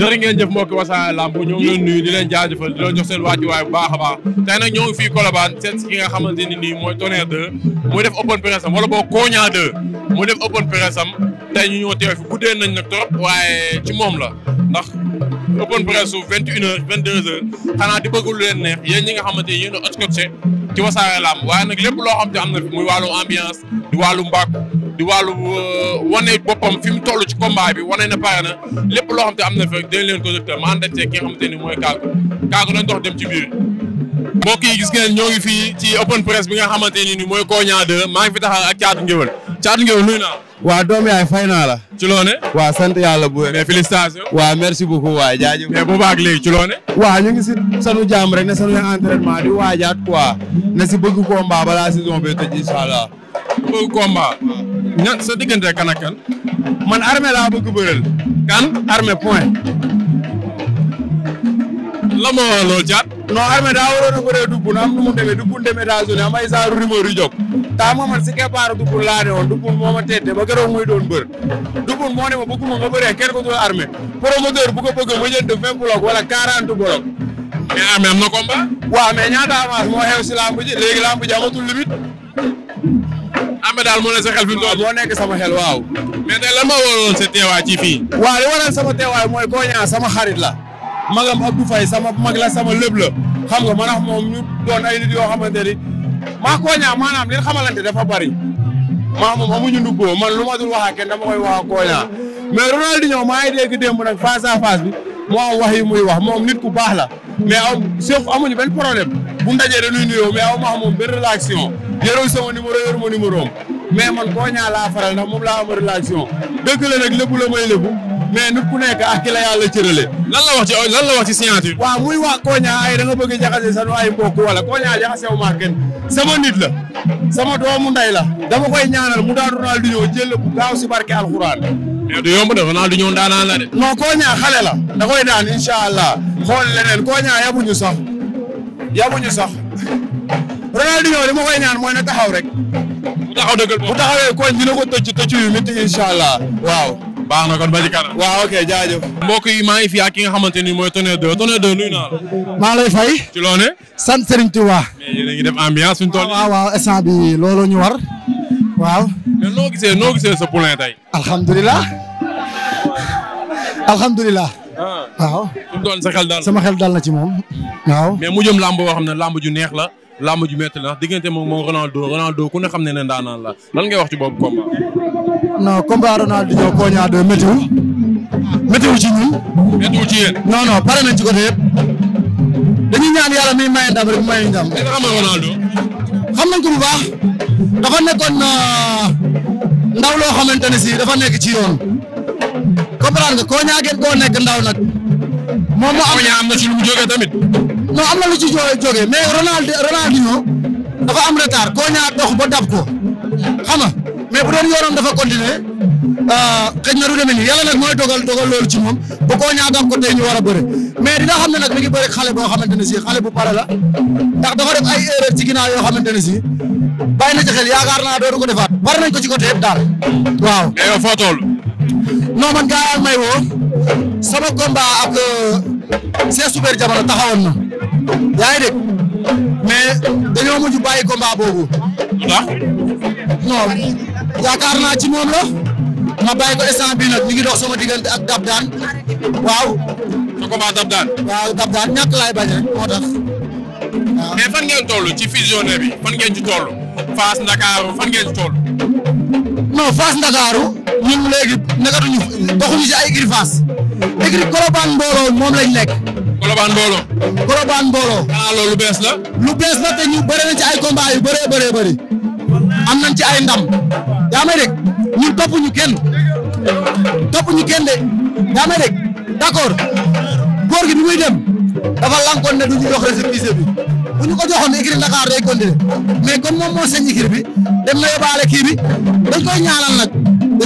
jërë ngeen jëf mbokki Wassare Lamb ñoo ngi leen nuyu di leen jaajëfal di leen jox seen wàccuwaay bu baax a baax tey nag ñoo ngi fii Colobane seet ki nga xamante ni nii mooy Tonnerre 2 muy def open press am wala boo Kogna 2 muy def open press am tey ñu ñëw teew fi guddee nañ nag trop waaye ci moom la ndax open press su vingt une heures vingt deux heures xanaa di bëgg lu leen neex yéen ñi nga xamante yéen a se ci wasaare làmb waaye nag lépp loo xam te am na fi muy wàllum ambiance di wàllu mbàkk di wàllu euh, wane boppam fi mu toll ci combat bi wane na pare na lépp loo xam te am na fi rek dañ leen ko docteur ma ànd ak ki nga xamante ni mooy kaagu kaagu dañ dox dem ci biir mbokk yi gis ngeen ñoo ngi fii ci open press bi nga xamante ni ni mooy Kogna 2 maa ngi fi taxaw ak Thiatou Nguéweul Thiatou Nguéweul naa waa doom yaay fay naa la ci waa sant yàlla bu wér mais félicitations waa merci beaucoup waay jaajëf mais booba ak léegi ci loone waa ñu ngi si sanu jàmm rek na sanu entraînement di waajaat quoi ne si bëgg combat balaa saison bi tëj incha allah bëgg combat ñan sa diggante kan man armée laa bëgg bërël kan armée point la moo loolu caat noo armée daa waroon a bëree dugub na am nu mu daa sonné am ay saaru rumeur yu jóg taa ma man si keppaaru dugub laa ne woon dugub moo ma tette ba keroog muy doon bër dugub moo ma bëgguma nga bëree kenn ko dul armée bëgg ma jënd vingt bloc wala quarante bloc. mais armée am na combat. waaw ñaata avance moo xew si lamb ji léegi lamb ji amatul limite. daal moo ne sa xel fi mu doon moo nekk sama xel waaw. mais tey lan ma waroon sa teewaay ci fii. waaw li waral sama teewaay mooy Koña sama xarit la. magam Abdou Faye sama mag la sama lépp la xam nga man moom ñu doon ay nit yoo xamante ni maa Koña maanaam li nga xamalante dafa bari maa moom amuñu ndugoo man lu ma dul wax ak kenn dama koy wax ak Koña mais Ronaldinho maa ngi dégg démb nag face à face bi moo am wax yi muy wax moom nit ku baax la mais am chef amuñu benn problème bu ndajee dañuy nuyoo mais aw ma moom benn relation yorul sama numéro yor ma numéro mais man Koña laa faral ndax moom laa am relation dëgg la nag lépp la may mais nit ku nekk ak ki la yàlla cërale lan la wax lan la wax ci signature waaw muy wax Konia ay da nga bëgg jaxase sanu ay wala Konia jaxase wu ma kenn sama nit la sama doomu nday la dama koy ñaanal mu daan Ronaldinho jël bu gaaw si barke alxuraan mais du yomb de Ronaldinho daanaan la de non Konia xale la da koy daan incha allah xool leneen Konia yabuñu sax yabuñu sax Ronaldinho li ma koy taxaw rek bu taxaw dëggal bu taxawee koñ dina ko tëcc tëcc yu métti allah waaw baax na kon ba ci waaw ok jaajëf. mbokk yi maa ngi fi ak ki nga xamante ni mooy Tonnerre 2 Tonnerre 2 nuyu naa la. maa lay fay. ci loo ne. sant Serigne Touba. mais yéen a ngi def ambiance suñu waaw waaw instant bi loolu ñu war waaw. mais gisee noo gisee sa tey. alhamdulilah. alhamdulilah. Ah. waaw. su doon sa xel dal sama xel dal na ci moom. waaw. mais mu jëm làmb boo xam ne làmb ju neex la. làmb ju métti na diggante moom moom Ronaldo Ronaldo ku ne xam ne ne ndaanaan la lan ngay wax ci boobu combat. non combat Ronaldo ñëw koo ñaar de méttiwul. méttiwul ci ñun. méttiwul ci yéen. non non pare nañ ci côté yëpp. ñaan yàlla miy maye ndam rek maye ndam. est-ce xam nga Ronaldo. xam nañ ko bu baax. dafa nekkoon euh, ndaw loo xamante ne si dafa nekk ci yoon. comprendre nga koo ñaa gën nekk ndaw nag. moom moo am am na ci lu mu jógee tamit. non am na lu ci jógee mais Ronaldo Ronaldinho dafa am retard koo ñaar dox ba dab ko xam nga mais bu doon yoonam dafa continuer euh, xëj na du demee nii yàlla nag mooy dogal dogal loolu ci moom ba koo ñaar dab ko tey ñu war a bëre mais dina xam ne nag mi ngi bëri xale boo xamante ne si xale bu pare la ndax dafa de ay erreur ci yoo xamante ne si bàyyi na ci xel yaakaar naa dootu ko defaat war nañ ko ci côté yëpp daal waaw. mais eh, yow foo toll. non man gars may woo sama combat ak euh, c'est super jamono taxawoon na. yaa ngi dégg mais dañoo mujj bàyyi combat boobu. waaw. non naa ci moom la. ma bàyyi ko instant bii nag mi ngi dox sama diggante ak Dab Daan waaw. sa combat Dab Daan. waaw Dab Daan ñàkk laay bañ rek moo tax. waaw fan ngeen toll ci fusionné bi fan ngeen ci toll. Fass Ndakaaru fan ngeen ci toll. non Fass Ndakaaru ñun léegi nekkatuñu doxuñu ci ay écurie Fass écurie Colobane mbooloo moom lañ nekk. Colobane Mbolo. Colobane Mbolo. ah loolu lu bees la. lu bees la te ñu bëri nañ ci ay combat yu bëree bëree bëri am nañ ci ay ndam yaa may dégg ñun topp ñu kenn topp ñu kenn de yaa may dégg d'accord góor gi bi muy dem dafa lankoon ne du ñu jox récépissé bi bu ñu ko joxoon écurie Dakar day continuer mais comme moom bi dem na yóbbaale kii bi dañ koy ñaanal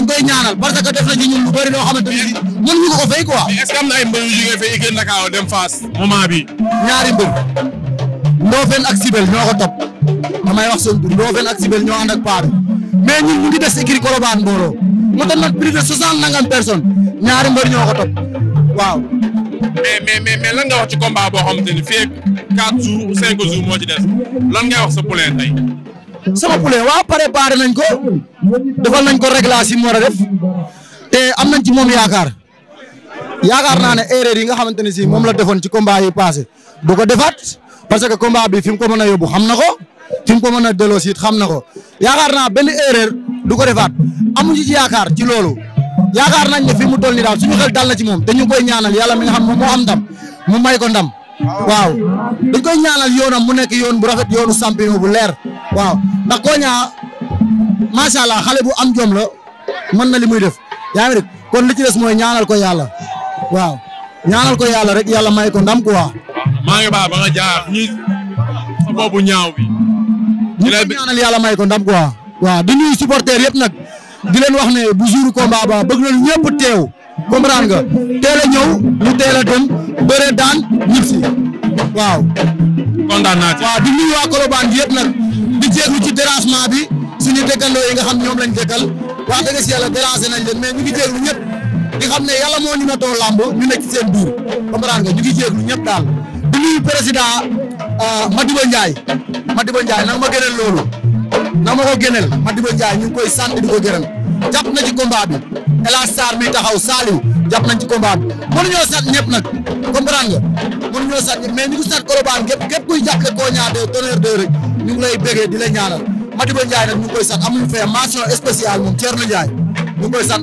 dañ koy ñaanal parce que def na ci ñun lu bëri loo xamante ni ñun ñu ko fay quoi. mais est ce que am na ay mbër yu jógee fii dem Fass moment bi ñaari mbër ak Sibel ñoo ko topp damay wax seen tur Ndofène ak Sibel ñoo ànd ak paa bi mais ñun ñu ngi des Ikine Colobane mbooloo mu toll nag plus de soixante nangam personnes ñaari mbër ñoo ko topp waaw. mais mais mais mais lan nga wax ci combat boo xamante ni fii ak 4 jours 5 jours moo ci des lan ngay wax sa poulain tey. sama poulet waaw pare baare nañ ko defal nañ ko réglage yi mu war a def te am nañ ci moom yaakaar yaakaar naa ne erreur yi nga xamante ne si moom la defoon ci combat yi passé bu ko defaat parce que combat bi fi mu ko mën a yóbbu xam na ko fi mu ko mën a delloosi it xam na ko yaakaar naa benn erreur du ko defaat amuñu ci yaakaar ci loolu yaakaar nañ ne fi mu toll nii daal suñu xel dal na ci moom te koy ñaanal yàlla mi nga xam moom moo am ndam mu may ko ndam. waaw dañ koy ñaanal yoonam mu nekk yoon bu rafet yoonu champion bu leer waaw ndax Konia macha allah xale bu am jom la mën na li muy def yaa ngi rek kon li ci des mooy ñaanal ko yàlla waaw ñaanal ko yàlla rek yàlla may ko ndam quoi. maa ngi baax ba nga jaar ñi sa boobu ñaaw bi. ñu ñaanal yàlla may ko ndam quoi. waaw di nuyu supporter yëpp nag di leen wax ne bu jour combat ba bëgg nañu ñëpp teew. comprendre nga teel a ñëw ñu teel a dem bëre daan ñib si waaw. kontaan naa ci waaw di nuyu waa Colobane bi yëpp nag di jéeglu ci dérangement bi suñu dëkkandoo yi nga xam ñoom lañ dëkkal wax dëgg si yàlla dérangé nañ leen mais ñu ngi jéeglu ñëpp di xam ne yàlla moo ñu natoo làmb ñu nekk ci seen biir comprendre nga ñu ngi jéeglu ñëpp daal di nuyu président euh, Madiba Ndiaye Madiba Ndiaye nag ma gënal loolu nag ma ko gënal Madiba Ndiaye ñu ngi koy sant di ko gërëm. jàpp na ci combat bi El Hadj Sarr mi taxaw Saliou jàpp nañ ci combat bi mënuñoo sat ñëpp nag comprendre nga mënuñoo sat ñëpp mais ñu ngi sat Colobane képp képp kuy jàppale Konia 2 Tonnerre 2 rek ñu ngi lay bégee di la ñaanal Madiba Ndiaye nag ñu ngi koy sat amuñu fee mention spéciale moom Thierno Ndiaye ñu ngi koy sat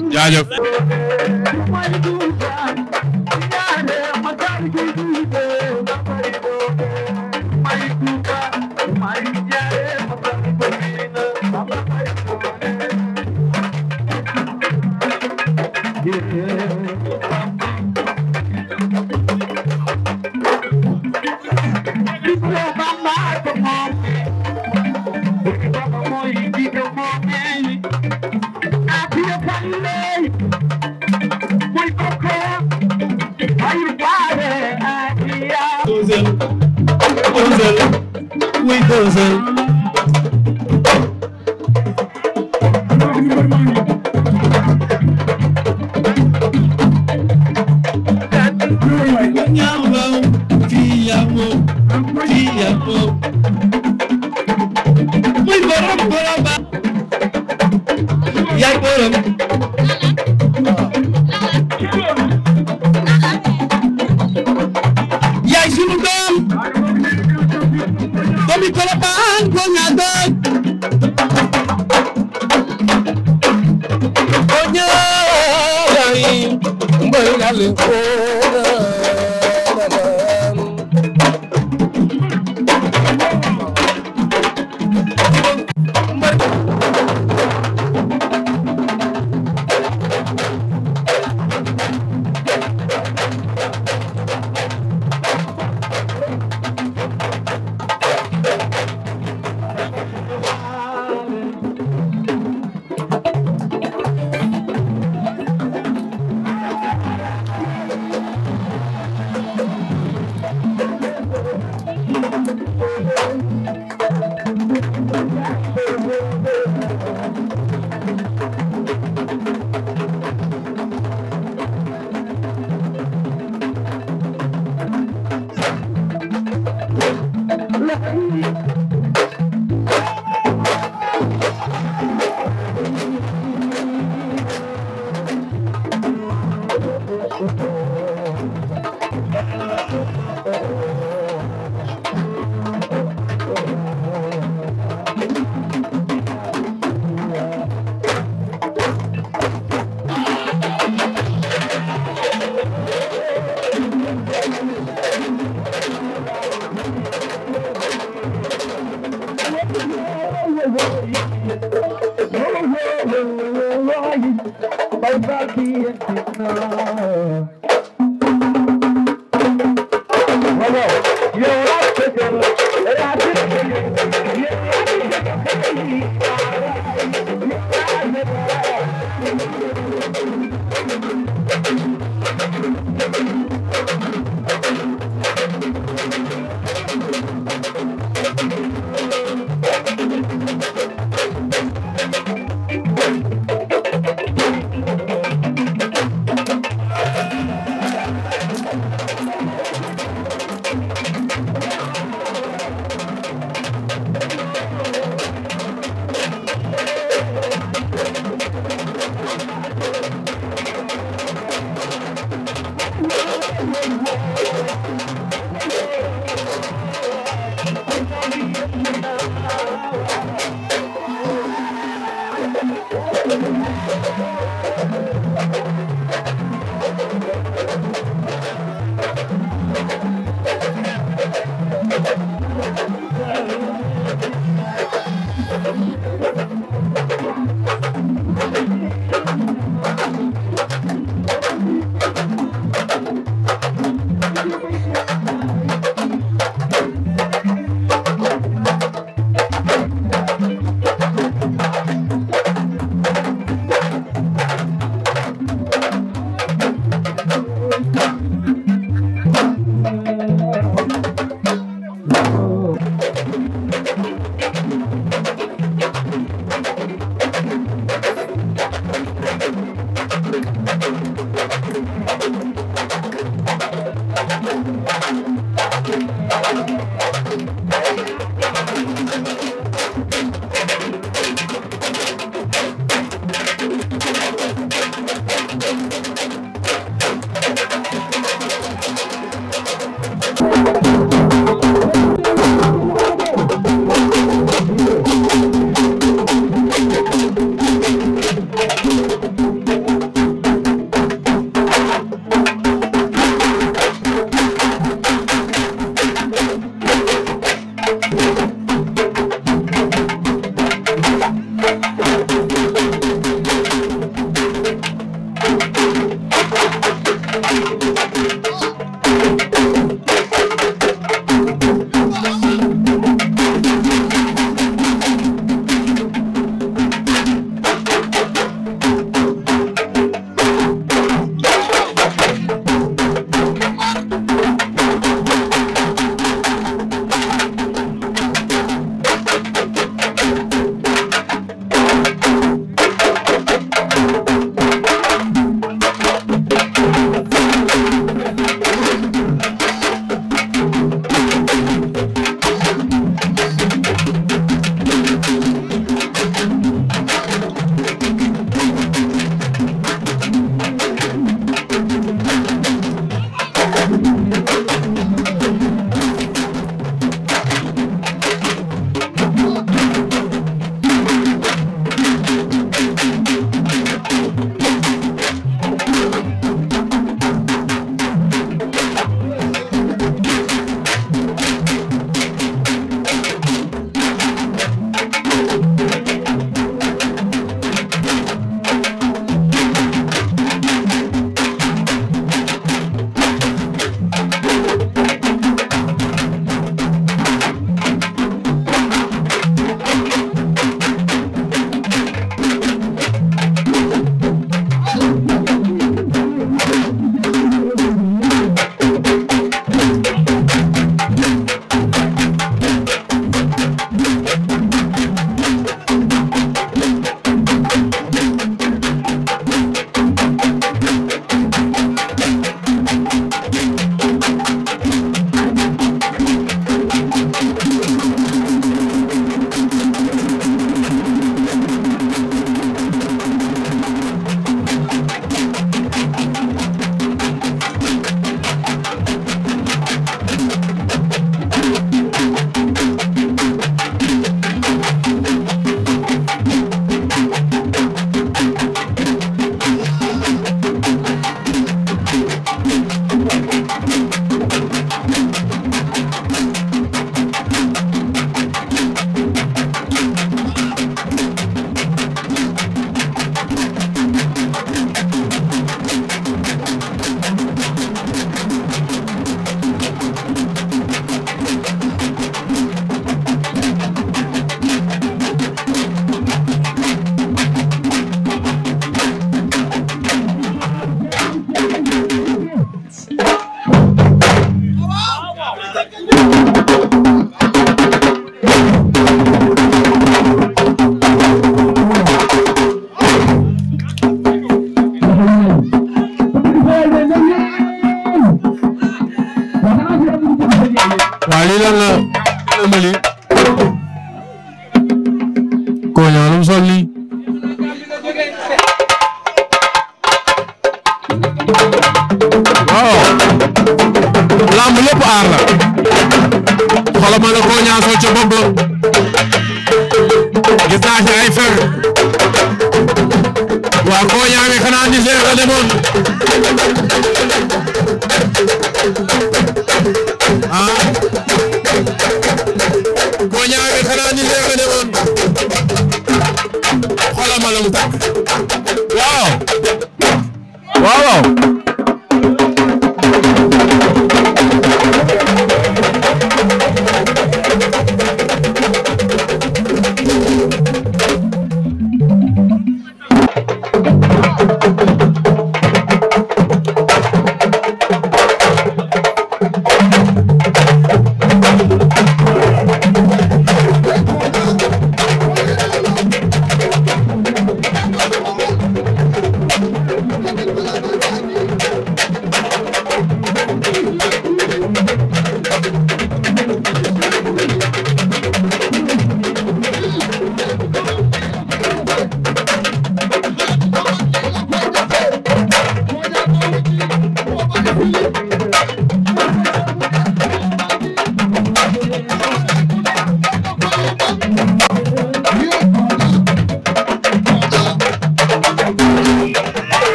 dose bay faal bi yëntit na waaw yow laa ko jël laa ko jël yow laa ko jël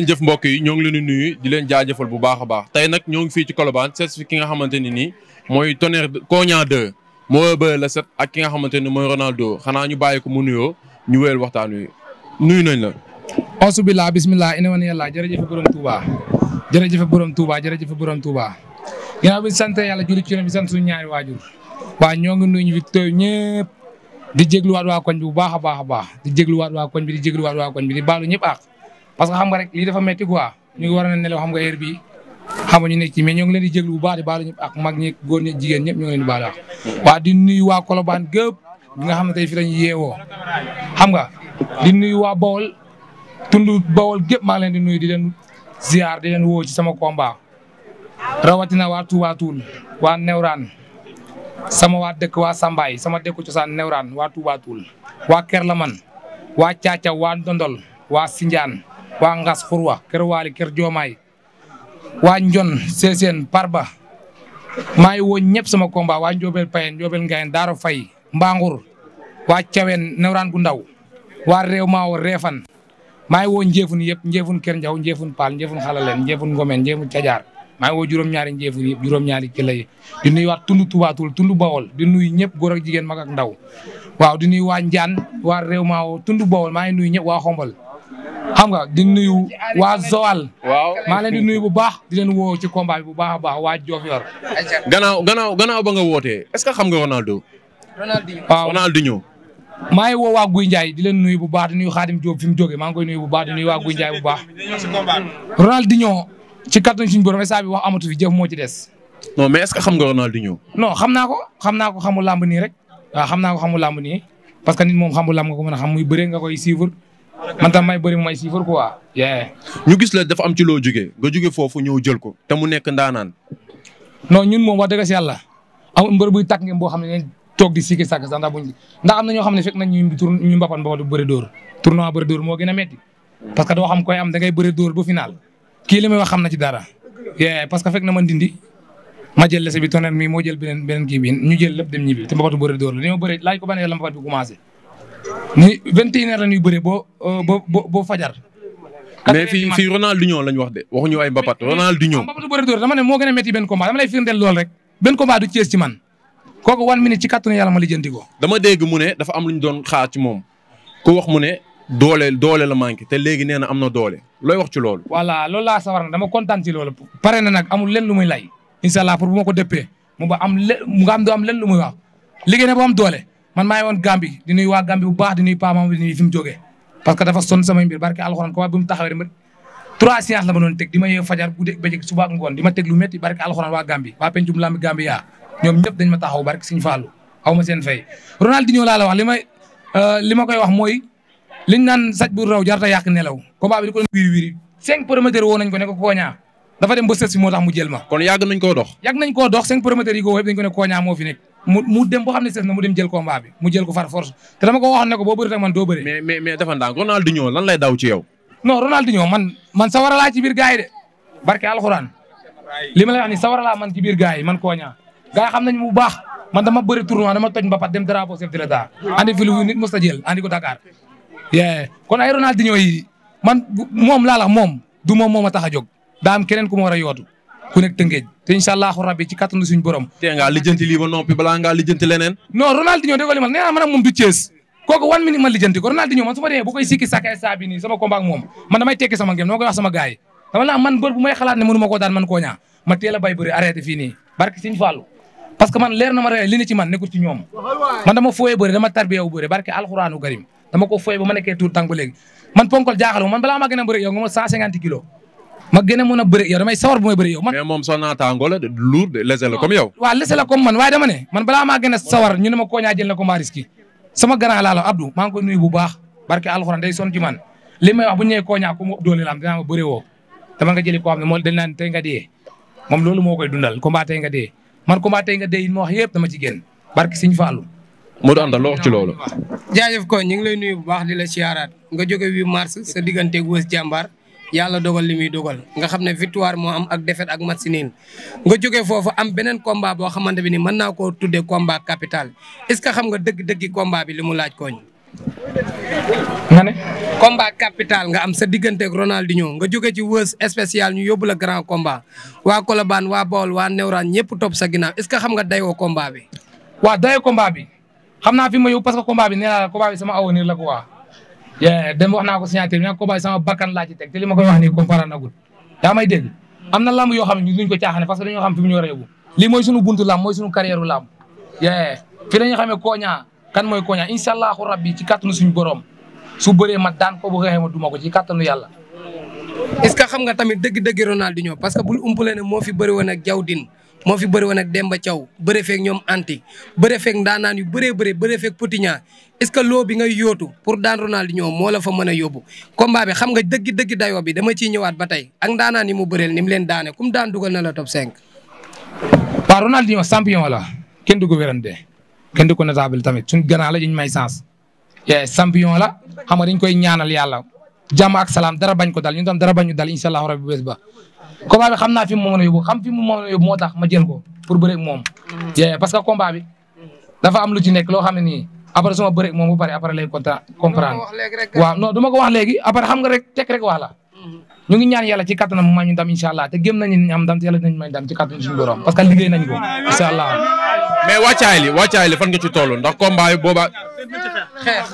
ngeen jëf mbokk yi ñoo ngi leen di bu baax a baax tey nag ñoo ngi fii ci Colobane seet fi ki nga xamante ni nii mooy Tonnerre Kogna moo bëre la set ak ki nga xamante ni mooy Ronaldo xanaa ñu bàyyi ko mu nuyoo ñu wéyal waxtaan wi nuyu nañ la asubilaa bismillah ina wan yàlla jërëjëfe borom Touba jërëjëfe borom Touba jërëjëfe borom Touba ginnaaw bi sant yàlla juri ci bi sant suñu ñaari waajur waa ñoo ngi nuyu ñu fi tooy ñëpp di jégluwaat waa koñ bi bu baax a a baax di jégluwaat waa koñ bi di parce que xam nga rek lii dafa metti quoi ñu ngi war a nelaw xam nga heure bii xam nga ñu ne ci mais ñoo ngi leen di jéglu bu baax di baalu ak mag ñi góor ñi jigéen ñëpp ñoo ngi leen di waa di nuyu waa Colobane gëpp bi nga xam ne tey fi lañu yeewoo xam nga di nuyu waa Bawol tund Bawol gëpp maa leen di nuyu di leen ziar di leen woo ci sama komba rawatina waa Touba Toul waa Newraan sama waa dëkk waa Sambaay sama dëkku cosaan Newraan waa Touba Toul waa Kerlaman waa Caacaw waa Ndondol waa Sinjaan waa Ngas Xurwa kër Waali kër Joomaay waa Njon Seeseen Parba maa ngi woo ñëpp sama combat waa Njoobel Payen Njoobel Ngayen Daaro Fay Mbangur waa Cawen Newraan gu ndaw waa Réew Maawo Reefan maa ngi woo Njéefun yëpp Njéefun Kër Njaw Njéefun Paal Njéefun Xalaleen Njéefun Ngomen Njéefun Cajaar maa ngi woo juróom-ñaari Njéefun yëpp juróom-ñaari kila yi di nuyu waat tund tubaatul bawol di nuyu ñëpp góor ak jigéen ndaw waaw di nuyu waa Njaan waa Réew Maawo bawol maa ngi nuyu ñëpp waa xam nga di nuyu waa Zowal. waaw maa leen di nuyu bu baax di leen woo ci combat bi bu baax a baax waa Diofior. gannaaw gannaaw gannaaw ba nga wootee est ce que xam nga Ronaldo. Ronaldinho waaw Ronaldinho. maa ngi woo waa Guy di leen nuyu bu baax di nuyu Khadim Diop fi mu jógee maa ngi koy nuyu bu baax di nuyu waa Guy baax. Ronaldinho ci kattan suñu borom saa bi wax amatu fi moo ci des. non mais est ce que xam nga Ronaldinho. non xam naa ko xam naa ko xamul làmb nii rek. waaw xam naa xam xamul làmb nii parce que nit moom xamul làmb nga ko a xam muy bëre nga koy suivre man tam may bëri mu may siifar quoi. ñu gis la dafa am ci loo jógee nga jóge foofu ñëw jël ko te mu nekk ndaanaan. non ñun moom wax dëgg si yàlla amul mbër buy tàkk ngeen boo xam ne toog di sikki sàkk sax ndax buñ am na ñoo xam ne fekk nañ ñu tour ñu mbapan ba du bëri dóor moo gën que doo xam koy am da ngay bëri dóor bu final kii li may wax xam na ci dara yee parce que fekk na ma dindi dem ñibbi te mbapatu bëri dóor la ni ma bëri la mbapat bi commencé ni 21h la ñuy bëree euh, boo boo boo fajar. mais fii fii Ronaldinho lañ wax de waxuñu ay Mbapat Ronaldinho. Mbapatu bëri door dama ne moo gën a métti benn combat dama lay firndeel lool rek benn combat du Thiès ci man kooku one minute ko. dama dégg mu ne dafa am lu ñu doon xaar ci moom ku wax mu ne doole doole la manqué te léegi nee na am na doole looy wax ci loolu. walla loolu laa sawar dama kontaan lool loolu. pare na nag amul lenn lu muy lay incha allah pour bu ma ko dëppee mu ba am le mu nga am du am lenn lu muy wax liggéey ne ba am doole man maa ngi woon Gambie di nuyu waa Gambie bu baax di nuyu Paa Mamadou di nuyu fi mu jógee parce que dafa sonn samay mbir barke alxuraan ko waa bi mu taxawee dama trois séances la ma doon teg di ma yee fajar guddi bëccëg suba ak ngoon di ma teg lu métti barke alxuraan waa Gambie waa pencum lambi Gambie yaa ñoom ñëpp dañ ma taxaw barke Sëñ Fallu aw ma seen fay Ronaldinho laa la wax li may euh, li ma koy wax mooy liñ naan saj bu raw jarta yàq nelaw combat bi di ko doon wiiri wiiri cinq promoteurs woo nañ ko ne ko Kogna dafa dem ba sës fi moo tax mu jël ma kon yàgg nañ koo dox yàgg nañ koo dox cinq promoteurs yi ko wépp dañ ko ne Kogna moo fi nekk mu mu dem boo xam ne ses na mu dem jël combat bi mu jël ko far force te dama ko waxoon ne ko boo bëri tak man doo bëri. mais mais mais dafa ndànk Ronaldinho lan lay daw ci yow. non Ronaldinho man man sawara laa biir gars yi de barke alxuraan li ma lay wax ni sawara laa man ci biir gars yi man kooñaa gars yi xam nañu bu baax man dama bëri tournoi dama toj mbapat dem drapeau chef de l'état andi fi lu nit mos a jël andi ko Dakar. kon ay Ronaldinho yi man moom laala moom du moom ma tax a jóg daa am ku ma war a yootu ku nekk Tëngéej te rabbi ci kattanu suñu borom. tee lijjanti lii ba noppi balaa ngaa lijjanti leneen. non Ronaldinho déggoo li ma nee naa man ak moom du Thiès kooku wan minute ma lijjanti ko Ronaldinho man su ma demee moom man damay tekki sama ngem man bër bu may xalaat ne mënu ma koo daan man koo ñaa ma teel a bay bëri arrêté fii nii barki Sëñ Fallu parce que man leer na ma li ne ci man nekkul ci ñoom man dama fooyee bëri dama tarbiya wu bëri barki alxuraanu karim dama ma gën a mën a bëri yow damay sawar bu may bëri yow. man mais moom soo naataangoo la luur de lese la comme yow. waaw lese man waaye dama ne man balaa maa gën a sawar ñu ne ma koo ñaa jël na ko maa risque sama grand laa la Abdou maa ngi koy nuyu bu baax barke alxuraan day son ci man li may wax bu ñëwee koo ñaa ku doole la am dinaa ma bëri woo dama jëli koo xam ne moom dañ naan nga dee moom loolu moo ko ñu ngi lay nuyu bu nga jóge 8 mars sa digganteeg yàlla dogal li muy dogal nga xam ne victoire moo am ak défaite ak match nul nga jógee foofu am beneen combat boo xamante bi ni mën naa koo tuddee combat capital est-ce que xam nga dëgg-dëggi combat bi li mu laaj kooñ nga ne capital nga am sa diggante ak Ronaldinho nga jóge ci wës spécial ñu yóbbula la grand combat waa Colobane waa Bawol waa Newraan ñëpp topp sa ginnaaw est-ce que xam nga dayoo combat bi. waaw dayoo combat bi xam naa fi ma yóbbu parce que la combat bi sama avenir la ko waa dem wax naa ko signature bi nag combat bi sama bakkan laa ci teg te li ma koy wax na gul daa am na lamb yoo xam ne ñu duñ ko caaxaane parce que fi mu ñu war a yóbbu lii mooy suñu buntu lamb yee fi dañu xamee kooñaa kan mooy kooñaa incha rabbi ci kàttanu suñu su bëree ma daan ko bu xeexee ma duma ko ci kàttanu yàlla est-ce que xam nga tamit dëgg-dëgg Ronaldinho parce que bul umpale ne fi bëri woon ak Jawdin moo fi bëri woon ak Demba Thiaw bëre feeg ñoom anti bëre feeg ndaanaan yu bëree bëri bëre feeg Potignan est-ce que loo bi ngay yóotu pour daan Ronaldinho moo la fa mën a yóbbu. combat bi xam nga dëgg dëgg dayoo bi dama ciy ñëwaat ba tey ak ndaanaan yi mu bëreel ni mu leen daane kum daan dugal na la top 5. waaw Ronaldinho champion la kenn du ko wérante kenn du na notable tamit suñ gannaaw la ñu may sens. champion la xam nga dañ koy ñaanal yàlla jàmm ak salaam dara bañ ko dal ñun tam dara bañ ñu dal incha ba combat bi xam naa fi mu mën a yóbbu xam fi mu mën a yóbbu moo tax ma jël ko pour bëreeg moom. jee mm-hmm. parce que combat bi dafa am lu ci nekk loo xam ne nii après suma bëreeg moom bu pare après lay conta comprendre. waaw non du ma ko wax léegi après xam nga rek tek rek wax mm-hmm. ñu ngi ñaan yàlla ci kattanam mu may ñu ndam incha allah te gëm nañu ne ci kattan suñu borom parce que liggéey nañ ko incha allah. mais wàccaay li wàccaay li fan nga ci toll ndax combat yi boobaa. xeex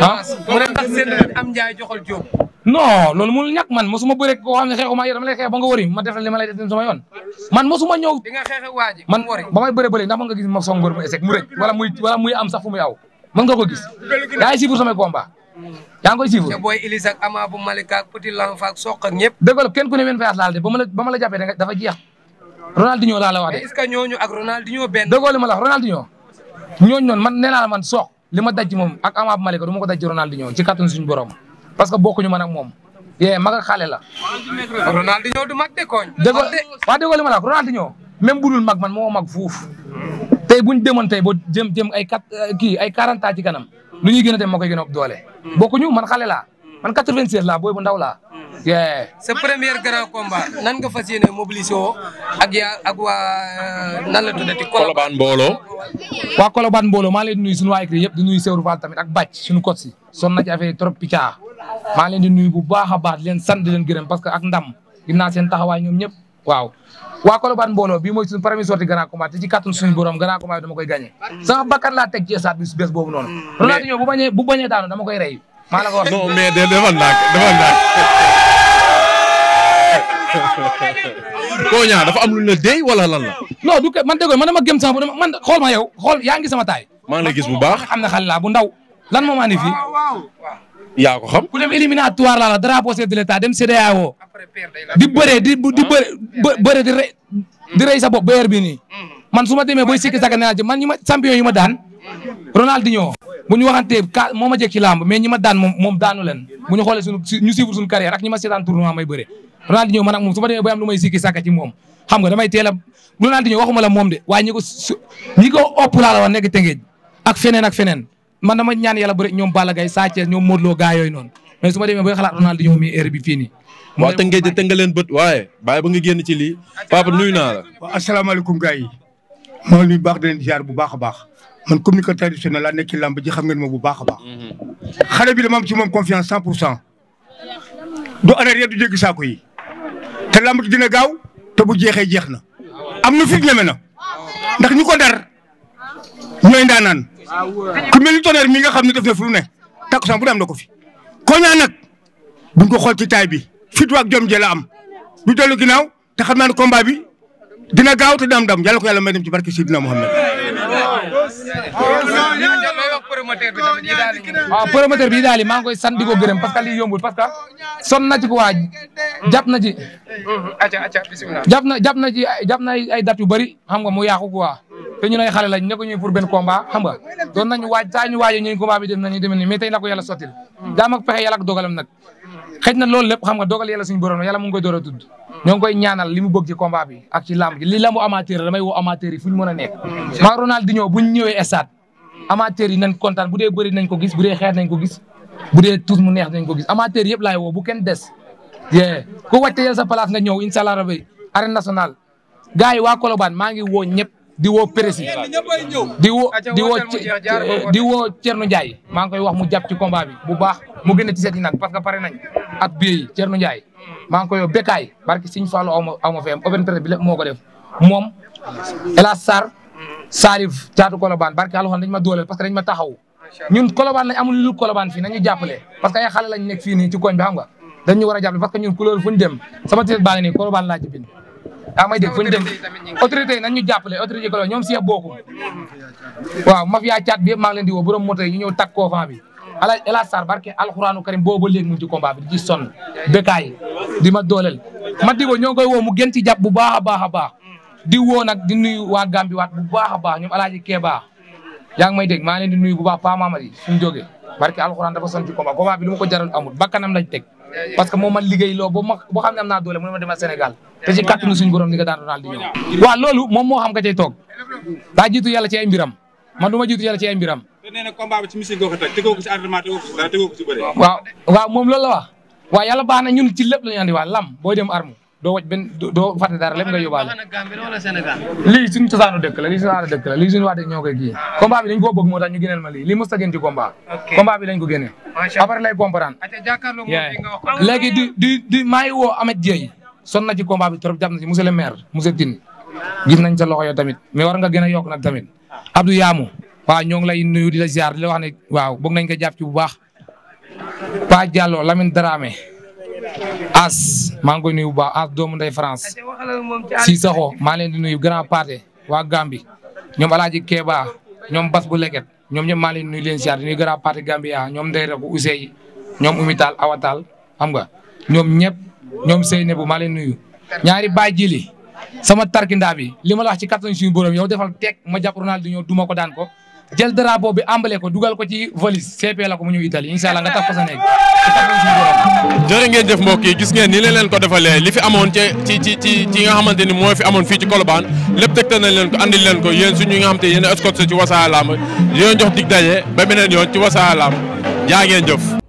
ah. mu dem tax non loolu mënul ñàkk man mosuma bëre koo xam ne xeexuma yow dama lay xeex ba nga wari ma def la li ma lay def sama yoon man mosuma ñëw di bëre bëre ndax mën nga gis ma song mbër mu échec mu rëcc wala muy am sax yaw mën nga ko gis yaa ngi suivre samay combat yaa ngi koy suivre te booy Elise ak Ama bu Malika ak Petit Lanfa ak Soq ak ñëpp dëgg la kenn ku ne wen faas laal de ba ma la ba dafa jeex Ronaldinho laa la wax de est ak Ronaldinho benn dëggoo li ma man nee naa la man Soq li ma daj ci parce que bokkuñu man ak moom. yee eh, mag xale la. Ronaldinho di mag de koñ. dëgg waa dëgg li ma la wax Ronaldinho même bu dul mag man moo mak fuuf. tey buñ demoon tey ba jëm jëm ay kat euh, kii ay 40 ans kanam. lu ñuy gën a dem ma koy gën a doole. bokkuñu man xale laa man 96 laa booy bu ndaw laa. sa premier grand combat nan nga fas yéene mobiliser woo ak yaa ak waa nan la tuddati. Colobane Mbolo. waa Colobane Mbolo maa ngi leen di nuyu suñu waa écrit yëpp di nuyu Seydou Fall tamit ak bàcc suñu kot si na ci affaire trop maa leen di nuyu bu baax a baax di leen sant di leen parce que ak ndam ginnaaw seen taxawaay ñoom ñëpp waaw. waa Colobane Mbolo bii mooy suñu premier sortie grand grand combat bi dama koy gagné sama bakkan laa teg ci stade bi bés boobu hmm. dama koy rey maa ko Koña dafa am lu la dey wala lan la. non du man déggoo man dama gëm sama bopp man xool ma yow xool yaa ngi sama taay. maa ngi lay gis bu baax xam na xale laa bu ndaw lan moo a andi fii. yaa ko xam. ku dem éliminatoire laa la drapeau chef de l'état dem CEDEAO di bëree di di ah. bëree di rey di rey sa bopp beer bi nii. Mhm. man su ma demee booy sikki saka naa man ñi ma champion yi ma daan mhm. Ronaldinho bu ñu waxantee ka moo ma jëkk ci làmb ñi ma daan moom daanu leen. bu ñu xoolee suñu ñu suivre suñu carrière ak ñi ma seetaan tournoi may bëre Ronaldinho man ak moom su ma demee ba am lu may sikki sàkka moom xam nga damay teel a Ronaldinho waxuma la moom de waaye ñi ko su ñi ko ak feneen ak feneen man dama ñaan yàlla bëri ñoom Balla Gaye Sa Thiès ñoom Modou Lo gaa yooyu noonu mais su ma demee bay xalaat Ronaldinho mi heure bi fii nii waaw tëngeej de tënga leen bët waaye bàyyi ba nga génn ci lii papa nuyu naa la waaw asalaamaaleykum gars yi baax di leen ziar bu baax a baax man communicateur traditionnel laa nekk ci làmb ji xam ngeen ma bu baax a baax. xale bi dama am ci moom confiance 100 pour cent du arrière du jéggi saako yi te làmb ji dina gaaw te bu jeexe jeex na am na fi ñeme na ndax ñu ko dar ñooy ndaanaan ku mel ni tonnerre mi nga xam ne def na fu lu ne takkusaan bu ne am na ko fi. koñaa nag buñ ko xool ci taay bi fit waak jom jee la am du dellu ginnaaw te xam naa ne combat bi dina gaaw te dina am ndam yàlla ko yàlla may dem ci barke Seydina Mohamed. waaw promoteur bi daal maa ngi koy sant di ko gërëm parce que lii yombul parce que sonn na ci ko waa jàpp na ci. acca acca bisimilah. jàpp na jàpp na ci jàpp na ay date yu bëri xam nga mu yaaku quoi te ñun ay xale lañ nekk ñuy pour benn combat xam nga doon nañu waaj saa ñu waajee ñun combat bi dem nañu demee nii mais tey la yala yàlla sottil. daam pexe yàlla ak dogalam xëj na loolu lépp xam nga dogal yàlla suñu borom yàlla mu ngi koy door a tudd mm. ñoo ngi koy ñaanal li mu bëgg ci ak ci lamb ji li lambu amateur damay woo amateur yi fu ñu a nekk mm. maa Ronaldinho buñ ñëwee stade amateur yi nañ kontaan bu dee bëri nañ ko gis bu dee xeex nañ ko gis bu dee tuus mu neex nañ ko gis amateur yëpp laay wo bu kenn des yee ku wàcce yàlla sa place nga ñëw incha allah rabi arène nationale gars yi waa Colobane maa ngi woo ñëpp di woo prési di woo di woo di woo Thierno Ndiaye maa ngi koy wax mu jàpp ci combat bi bu baax mu gën a tiseet yi nag parce que pare nañ ak biey Thierno Ndiaye maa ngi koy woo Bekaay barki Sëñ Fallu aw ma aw ma fayam open presse bi lépp moo ko def moom Elas sar Salif caatu Kolobaan barki àlxoon dañ ma dooleel parce que ma taxaw ñun Kolobaan lañ amul lu Kolobaan fii nañu jàppale parce que ay xale lañ nekk fii bi xam nga war a jàppale ñun couleur fu ñu sama tiseet baa ngi nii Kolobaan laa ci yaa may dégg fu ñu dem autorité yi nañ ñu jàppale autorité ko ñoom si bokku waaw mafia caat bi yëpp maa leen di woo borom moto yi ñu ñëw takk koofan bi ala ala sar barke alxuraanu karim boobu ba léegi mu ci combat di ci sonn békaay di ma dooleel ma di ko ñoo koy woo mu gën ci jàpp bu baax a baax a baax di woo nag di nuyu waa Gambie waat bu baax a baax ñoom alaaji kee baax yaa ngi may dégg maa di nuyu bu baax Pa Mamadi suñu jógee barke alxuraan dafa ko jaral amul bakkanam lañ teg parce que moom man liggéey loo boo ma boo xam ne naa doole mu ne ma demal te ci kàttanu suñu borom li nga daan di ñëw waaw loolu moom moo xam nga cay toog daa jiitu yàlla ci ay mbiram man du ma jiitu yàlla ci ay mbiram te nee bi ci musique nga ko moom loolu la wax waaw yàlla baax na ñun ci lépp la ñu andi waa lam booy dem arme doo waj benn doo fàtte dara lépp nga yóbbaale. lii suñu cosaanu dëkk la dëkk la lii suñu waa dëkk ñoo koy kii. Ah. combat bi dañ koo bëgg moo tax ñu ma lii lii mosut a génn ci combat. ok combat bi lañ ko génne. macha di di di maa ngi woo Amath Dieye son na ci combat bi trop jàpp na ci monsieur le maire monsieur Tine gis nañ sa loxo yow tamit mais war nga gën a yokk nag tamit ah. Abdou Yaamu waaw ñoo ngi lay nuyu di la ziar di la wax ne waaw bëgg nañ ko jàpp ti bu baax Pa Diallo Lamine Dramé as maa ngi koy nuyu ba baax as doomu ndey France si saxo maa leen di nuyu grand parti waa Gambi ñoom Alaaji Keeba ñoom Bas bu Leket ñoom ñëpp maa leen di nuyu leen siyaar di nuyu grand parti Gambia ñoom Ndeye Raku Ousseyn ñoom Umital Awatal xam nga ñoom ñëpp ñoom Seyne bu maa leen nuyu. ñaari baay jili sama tarkindaa bi li ma la wax ci kattan suñu borom yow defal teg ma jàpp Ronaldinho duma ko daan ko. jël drapeau bi emballé ko dugal ko ci valise CP la ko mu ñëw Italie incha allah nga taf ko sa néeg jërë ngeen jëf mbokk yi gis ngeen ni leen leen ko defalee li fi amoon ci ci ci ci ci nga xamante ni mooy fi amoon fii ci Colobane lépp tegtal nañ leen ko andil leen ko yéen suñu nga xamante yéen escorte ci Wassare Lamb yéen jox dig daje ba beneen yoon ci Wassare Lamb jaa ngeen